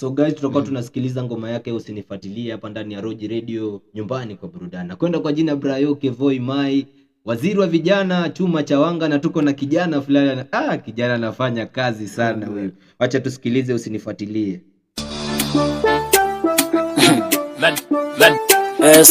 So guys, tutakuwa mm. tunasikiliza ngoma yake usinifuatilie hapa ndani ya Roji Radio nyumbani kwa burudani. Nakwenda kwa jina Brayo Kevoi Mai, waziri wa vijana chuma cha wanga, na tuko na kijana fulani na, ah, kijana anafanya kazi sana mm. wewe. Wacha tusikilize usinifuatilie. Eh,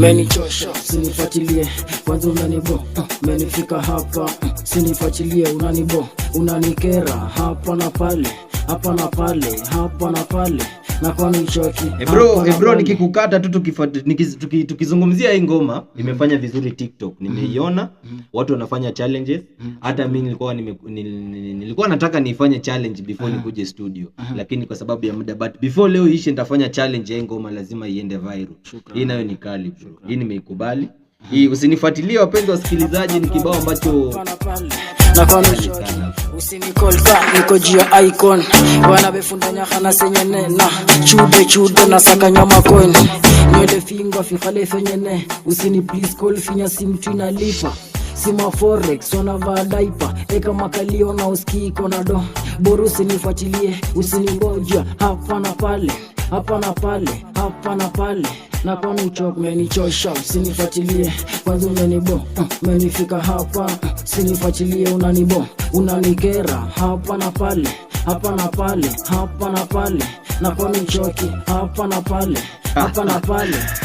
Menichosha, sinifuatilie kwanza, unanibo uh, menifika hapa, uh, sinifuatilie unanibo, unanikera hapa na pale, hapa na pale, hapa na pale Ebro, eh, ebro eh, nikikukata tu tukizungumzia hii ngoma imefanya vizuri TikTok, mm. nimeiona mm. watu wanafanya challenges. Mm. Hata mimi nilikuwa nilikuwa nataka nifanye challenge before nikuje studio, lakini kwa sababu ya muda, but before leo ishe nitafanya challenge ya ngoma, lazima iende viral. Hii nayo ni kali bro, hii nimeikubali. Hii usinifuatilie, wapenzi wasikilizaji, ni kibao ambacho usinikolva niko jia icon wanabefundanyahana senyenena chude chude nasakanywa makoin nywele fingwa fifalefenyene usini please call finya simtinalipa sima forex wanavaa daipa eka makalio na uskiiko na do bora usinifuatilie usiningoja hapa na pale hapa pale hapa na kwani uchok menichosha, usinifuatilie kwanza, umenibo uh, menifika hapa uh, sinifuatilie, unanibo unanikera hapa na pale hapa na pale hapa na pale na kwani uchoki hapa na pale hapa na pale